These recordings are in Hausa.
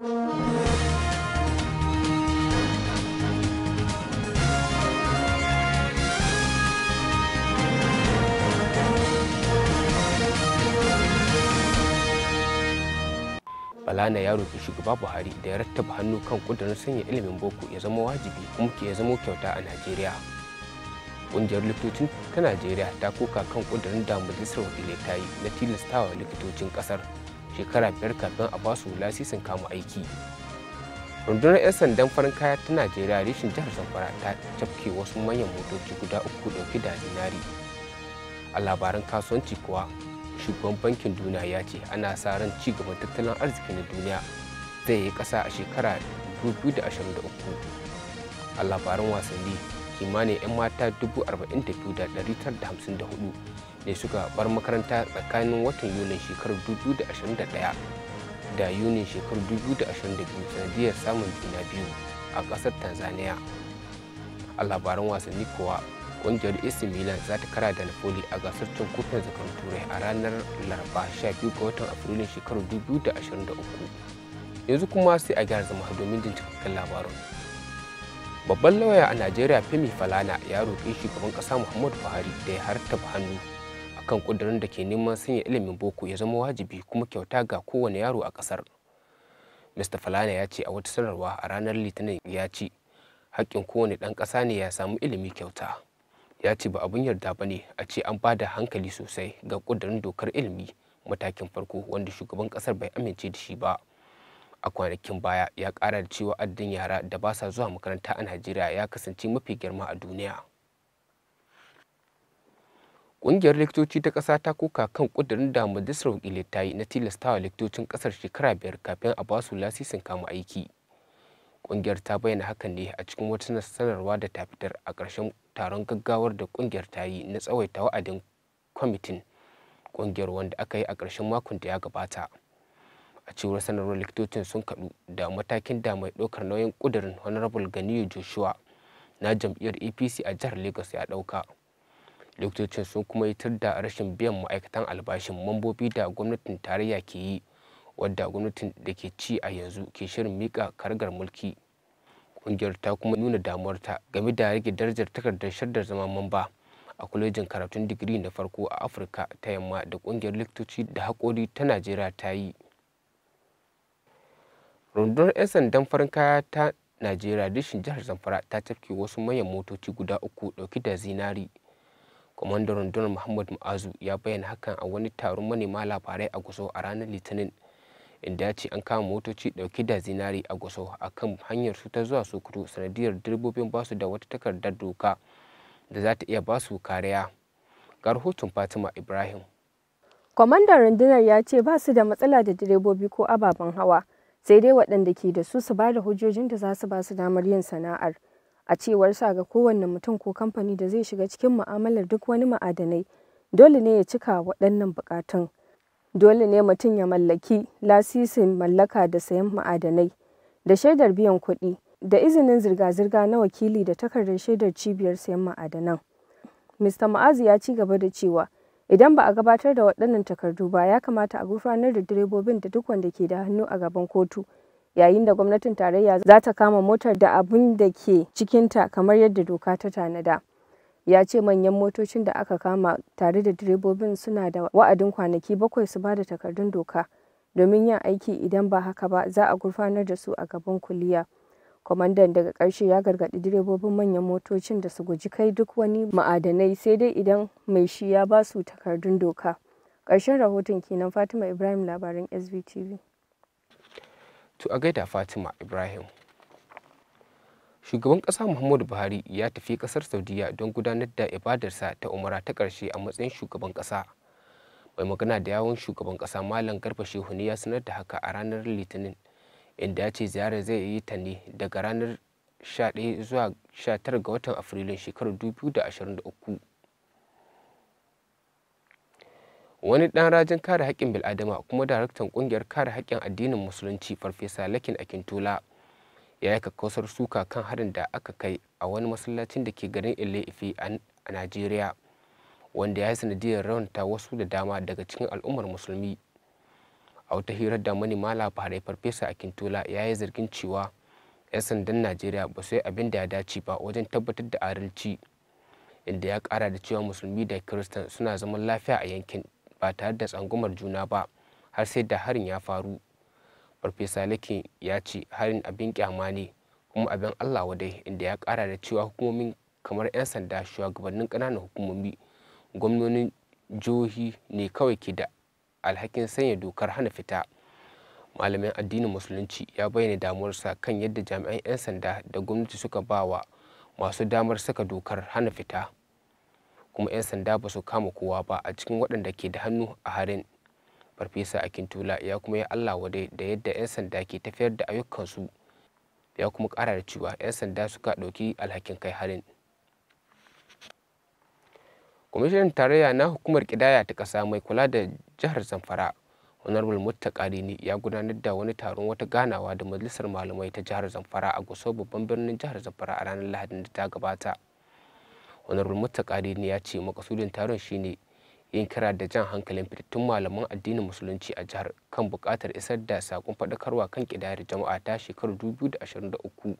Balana ya roƙi shugaba Buhari da ya rattaba hannu kan kudurin sanya ilimin boko ya zama wajibi kuma ke ya zama kyauta a Najeriya. Ƙungiyar likitocin ta Najeriya ta koka kan kudurin da majalisar wakilai ta yi na tilastawa likitocin ƙasar shekara biyar kafin a basu lasisin kamu aiki rundunar 'yan sandan farin kaya ta najeriya rishin jihar zamfara ta cafke wasu manyan motoci guda uku dauke da dinari a labaran kasuwanci kuwa shugaban bankin duniya ya ce ana sa ran ci gaban tattalin arziki na duniya zai yi ƙasa a shekara 2023 a labaran wasanni kimanin 'yan mata 42,954 ne suka bar makaranta tsakanin watan yulin shekarar 2021 da yunin shekarar 2022 sanadiyar samun juna biyu a ƙasar tanzania a labaran wasanni kuwa kungiyar AC Milan za ta kara da Napoli a gasar cin kofin zakar turai a ranar Laraba 12 ga watan Afrilun shekarar 2023. Yanzu kuma sai a gyara zama domin jin cikakken labarin. babban lauya a najeriya femi falana ya roƙi shugaban ƙasa muhammadu buhari da ya hartaba hannu akan ƙudurin da ke neman sanya ilimin boko ya zama wajibi kuma kyauta ga kowane yaro a ƙasar mr falana ya ce a wata sanarwa a ranar litinin ya ce haƙƙin kowane ɗan ƙasa ne ya samu ilimi kyauta ya ce ba abun yarda ba ne a ce an ba da hankali sosai ga ƙudurin dokar ilimi matakin farko wanda shugaban ƙasar bai amince da shi ba a kwanakin baya ya kara da cewa adadin yara da ba sa zuwa makaranta a najeriya ya kasance mafi girma a duniya Ƙungiyar likitoci ta ƙasa ta koka kan ƙudurin da majalisar wakilai ta yi na tilastawa likitocin ƙasar shekara biyar kafin a basu lasisin kama aiki. Ƙungiyar ta bayyana hakan ne a cikin wata sanarwa da ta fitar a ƙarshen taron gaggawar da ƙungiyar ta yi na tsawaita wa'adin kwamitin ƙungiyar wanda aka yi a ƙarshen makon da ya gabata. a cewar sanarwar likitocin sun kaɗu da matakin da mai ɗaukar nauyin ƙudurin honorable ganiyo joshua na jam'iyyar apc a jihar lagos ya ɗauka likitocin sun kuma yi tur da rashin biyan ma'aikatan albashin mambobi da gwamnatin tarayya ke yi wadda gwamnatin da ke ci a yanzu ke shirin mika kargar mulki ƙungiyar ta kuma nuna ta game da rage darajar takardar shaddar zama mamba a kwalejin karatun digiri na farko a afirka ta yamma da ƙungiyar likitoci da haƙori ta najeriya ta yi rundunar 'yan sandan farin kaya ta najeriya dishin jihar zamfara ta cafke wasu manyan motoci guda uku dauki da zinari kwamandan rundunar muhammad ma'azu ya bayyana hakan a wani taron manema labarai a gusau a ranar litinin inda ya ce an kama motoci dauki da zinari a gusau a kan hanyar su ta zuwa sokoto sanadiyar direbobin basu da wata takardar doka da za ta iya basu kariya ga rahoton fatima ibrahim kwamandan rundunar ya ce ba su da matsala da direbobi ko ababen hawa sai dai waɗanda ke da su su ba da hujjojin da za su ba su damar yin sana'ar a cewar sa ga kowanne mutum ko kamfani da zai shiga cikin mu'amalar duk wani ma'adanai dole ne ya cika waɗannan buƙatun dole ne mutum ya mallaki lasisin mallaka da sayan ma'adanai da shaidar biyan kuɗi da izinin zirga-zirga na wakili da takardar shaidar cibiyar sayan ma'adanan mr ma'azu ya ci gaba da cewa Idan ba a gabatar da waɗannan takardu ba, ya kamata a gurfanar da direbobin da duk wanda ke da hannu a gaban kotu, yayin da gwamnatin tarayya za ta kama motar da abin da ke cikinta kamar yadda doka ta tanada. Ya ce manyan motocin da aka kama tare da direbobin suna da wa'adin kwanaki bakwai su ba da takardun doka domin yin aiki idan ba haka ba za a gurfanar da su a gaban kuliya. Kwamandan daga ƙarshe ya gargaɗi direbobin manyan motocin da su guji kai duk wani ma'adanai sai dai idan mai shi ya ba su takardun doka. Ƙarshen rahoton kenan Fatima Ibrahim labaran SVTV. To a gaida Fatima Ibrahim. Shugaban ƙasa Muhammadu Buhari ya tafi ƙasar Saudiya don gudanar da ibadarsa ta umara ta ƙarshe a matsayin shugaban ƙasa. Mai magana da yawon shugaban ƙasa Malam Garba Shehu ne ya sanar da haka a ranar Litinin inda ya ce ziyarar zai yi ta ne daga ranar 11 zuwa 19 ga watan afrilun shekarar 2023 wani ɗan rajin kare haƙƙin bil'adama kuma daraktan ƙungiyar kare haƙƙin addinin musulunci farfesa lakin akintola ya yi kakkausar suka kan harin da aka kai a wani masallacin da ke garin ile ife a najeriya wanda ya yi sanadiyar raunta wasu da dama daga cikin al'ummar musulmi a wata hirar da manema labarai farfesa akintola ya yi zargin cewa 'yan sandan najeriya ba su yi abin da ya dace ba wajen tabbatar da adalci inda ya kara da cewa musulmi da kiristan suna zaman lafiya a yankin ba tare da tsangumar juna ba har sai da harin ya faru farfesa lakin ya ce harin abin kyama ne kuma abin allah wadai inda ya kara da cewa hukumomin kamar 'yan sanda shugabannin ƙananan hukumomi gwamnonin jihohi ne kawai ke da alhakin sanya dokar hana fita malamin addinin musulunci ya bayyana damuwarsa kan yadda jami'an 'yan sanda da gwamnati suka ba wa masu damar saka dokar hana fita kuma 'yan sanda ba su kama kowa ba a cikin waɗanda ke da hannu a harin farfesa akintula ya kuma ya allah wadai da yadda 'yan sanda ke tafiyar da ayyukansu ya kuma ƙara da cewa 'yan sanda suka ɗauki alhakin kai harin kwamishinan tarayya na hukumar kidaya ta ƙasa mai kula da jihar zamfara honorable muttaqarini ya gudanar da wani taron wata ganawa da majalisar malamai ta jihar zamfara a gusau babban birnin jihar zamfara a ranar lahadin da ta gabata honorable muttaqarini ya ce makasudin taron shine yin kira da jan hankalin fitattun malaman addinin musulunci a jihar kan buƙatar isar da sakon faɗakarwa kan kidayar jama'a ta shekarar 2023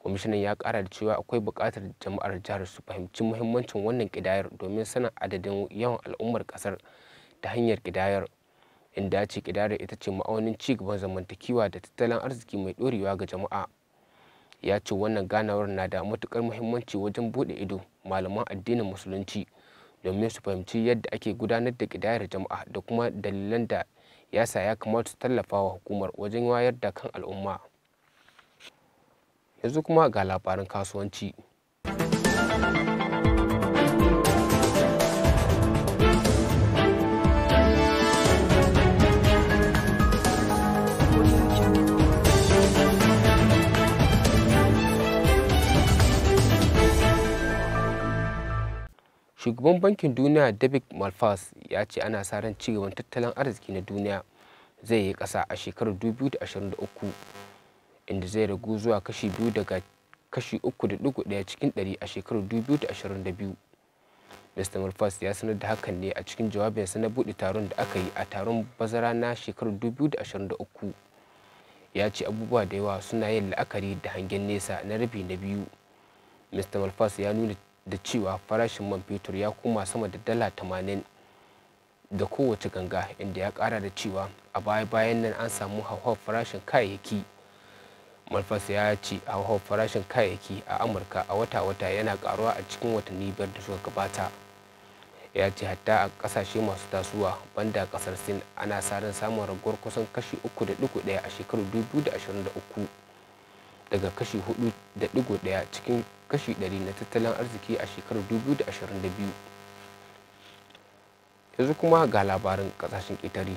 kwamishinan ya kara da cewa akwai bukatar jama'ar jihar su fahimci muhimmancin wannan kidayar domin sanin adadin yawan al'ummar kasar ta hanyar kidayar inda ce kidayar ita ce ma'aunin ci gaban zamantakewa da tattalin arziki mai ɗorewa ga jama'a ya ce wannan ganawar na da matukar muhimmanci wajen bude ido malaman addinin musulunci domin su fahimci yadda ake gudanar da kidayar jama'a da kuma dalilan da yasa ya kamata su tallafa wa hukumar wajen wayar da kan al'umma yanzu kuma ga labarin kasuwanci shugaban bankin duniya david malfas ya ce ana sa ran cigaban tattalin arziki na duniya zai yi kasa a shekarar 2023 inda zai ragu zuwa kashi biyu daga kashi uku da dugu ɗaya cikin ɗari a shekarar 2022 mr murfas ya sanar da hakan ne a cikin jawabinsa na buɗe taron da aka yi a taron bazara na shekarar 2023 ya ce abubuwa da yawa suna yin la'akari da hangen nesa na rabi na biyu mr malfas ya nuna da cewa farashin man fetur ya koma sama da dala tamanin da kowace ganga inda ya kara da cewa a baya-bayan nan an samu hauhawar farashin kayayyaki malfas ya ce hauhawar farashin kayayyaki a amurka a wata-wata yana karuwa a cikin watanni biyar da suka gabata ya ce hatta a kasashe masu tasuwa banda kasar sin ana sa ran samun raguwar kusan kashi 3.1 a shekarar 2023 daga kashi 4.1 cikin kashi 100 na tattalin arziki a shekarar 2022 yanzu kuma ga labarin kasashen ƙetare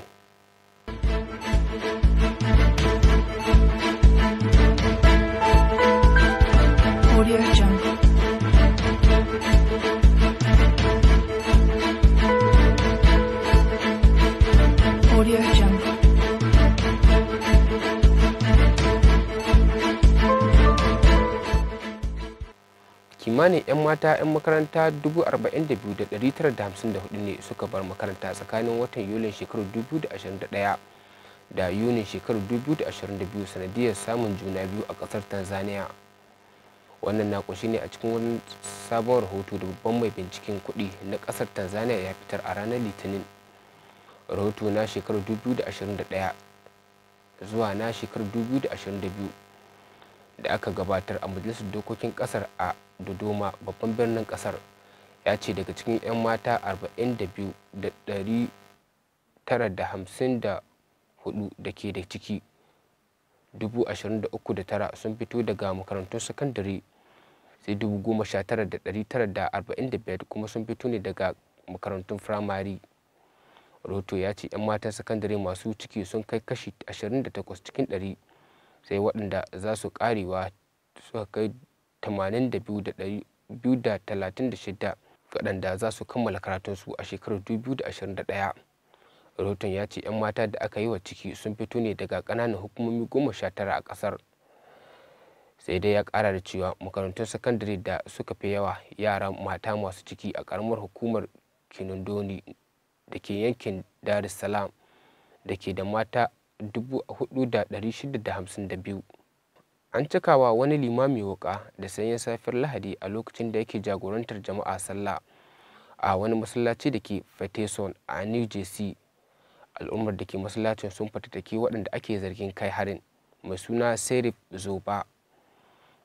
kimanin 'yan mata 'yan makaranta 42,954 ne suka bar makaranta tsakanin watan yulin shekarar 2021 da yunin shekarar 2022 sanadiyar samun juna biyu a kasar tanzania wannan na kunshi ne a cikin wani sabon rahoto da babban mai binciken kuɗi na ƙasar tanzania ya fitar a ranar litinin rahoto na shekarar 2021 zuwa na shekarar 2022 da aka gabatar a majalisar dokokin ƙasar a dodoma babban birnin ƙasar ya ce daga cikin 'yan mata 42,954 da ke da ciki 23,000 sun fito daga makarantun sakandare sai dubu goma sha tara da ɗari tara da arba'in da biyar kuma sun fito ne daga makarantun firamare roto ya ce 'yan matan sakandare masu ciki sun kai kashi 28 cikin 100 sai waɗanda za su karewa suka kai 82,236 waɗanda za su kammala karatunsu a shekarar 2021 roton ya ce 'yan mata da aka yi wa ciki sun fito ne daga ƙananan hukumomi 19 a ƙasar sai dai ya kara da cewa makarantun sakandare da suka fi yawa yara mata masu ciki a karamar hukumar kinondoni da ke yankin dar es salaam da ke da mata 4,652 an cikawa wani limami wuka da sanyin safiyar lahadi a lokacin da yake jagorantar jama'a sallah a wani masallaci da ke fateson a new jersey al'ummar da ke masallacin sun fatattaki waɗanda ake zargin kai harin mai suna serif zoba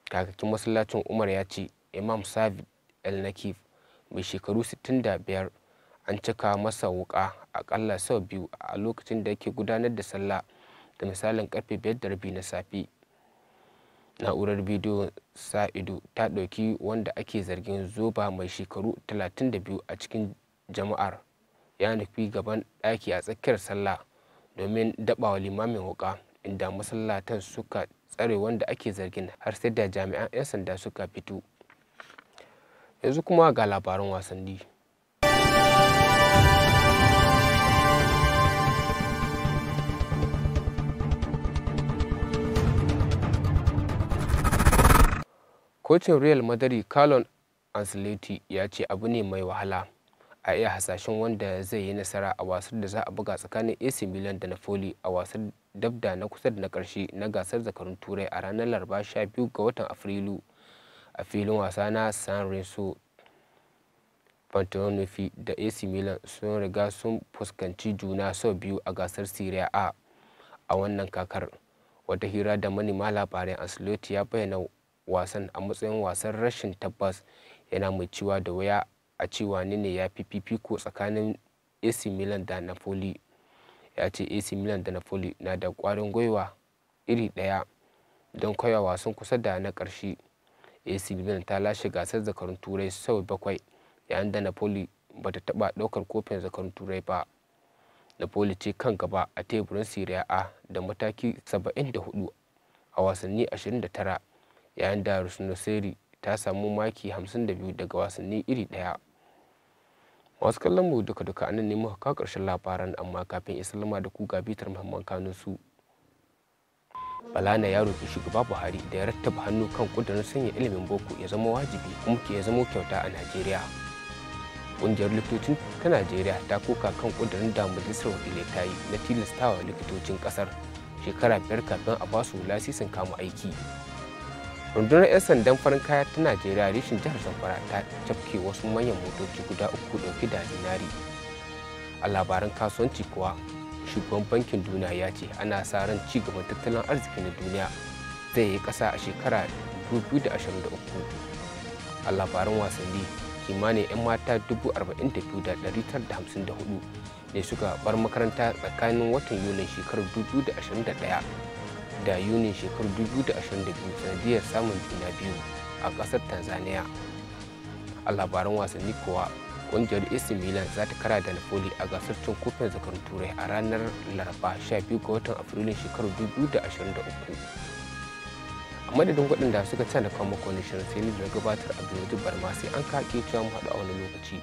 kakakin masallacin umar ya ce imam sabit el nakif mai shekaru 65 an cika masa wuka akalla sau biyu a lokacin da yake gudanar da sallah da misalin karfe 5:30 na safe na'urar bidiyo sa'ido ta ɗauki wanda ake zargin zoba mai shekaru 32 a cikin jama'ar ya nufi gaban ɗaki a tsakiyar sallah domin daɓawa limamin wuka inda masallatan suka tsare wanda ake zargin har sai da jami'an 'yan sanda suka fito yanzu kuma ga labaran wasanni kocin real madrid carlon ancelotti ya ce abu ne mai wahala a iya hasashen wanda zai yi nasara a wasan da za a buga tsakanin AC Milan da Napoli a wasan dabda na kusa da na karshe na gasar zakarun turai a ranar laraba 12 ga watan afrilu a filin wasa na san renzo pantanofi da ac milan sun riga sun fuskanci juna sau biyu a gasar syria a a wannan kakar wata hira da manema labarai ancelotti ya bayyana wasan a matsayin wasan rashin tabbas yana mai ciwa da waya a cewa ne ya fi fifiko tsakanin AC Milan da Napoli ya ce AC Milan da Napoli na da kwarin gwiwa iri ɗaya don kaiwa wasan kusa da na karshe AC Milan ta lashe gasar zakarun turai sau bakwai yayin da Napoli ba ta taɓa ɗaukar kofin zakarun turai ba Napoli ce kan gaba a teburin Serie A da mataki 74 a wasanni 29 yayin da Rossoneri ta samu maki 52 daga wasanni iri ɗaya. masu kallon mu duka duka anan ne muka kawo ƙarshen labaran amma kafin lama da ku ga bitar muhamman kanun su balana ya roƙi shugaba buhari da ya rattaba hannu kan kudurin sanya ilimin boko ya zama wajibi kuma ke ya zamo kyauta a najeriya ƙungiyar likitocin ta najeriya ta koka kan kudurin da majalisar wakilai ta yi na tilastawa likitocin ƙasar shekara biyar kafin a basu lasisin kama aiki rundunar 'yan sandan farin kaya ta najeriya rishin jihar zamfara ta cafke wasu manyan motoci guda uku dauki da dinari a labaran kasuwanci kuwa shugaban bankin duniya ya ce ana sa ran ci gaban tattalin arziki na duniya zai yi kasa a shekara 2023 a labaran wasanni kimanin 'yan mata 42,954 ne suka bar makaranta tsakanin watan yulin shekarar 2021 da yunin da 2022 sanadiyar samun juna biyu a kasar tanzania a labaran wasanni kuwa ƙungiyar ac milan za ta kara da napoli a gasar cin kofin zakarun turai a ranar laraba 12 ga watan afrilun shekaru 2023 a madadin waɗanda suka can da wani shirin sai ni da gabatar a biyu barma sai an kake cewa mu haɗu a wani lokaci.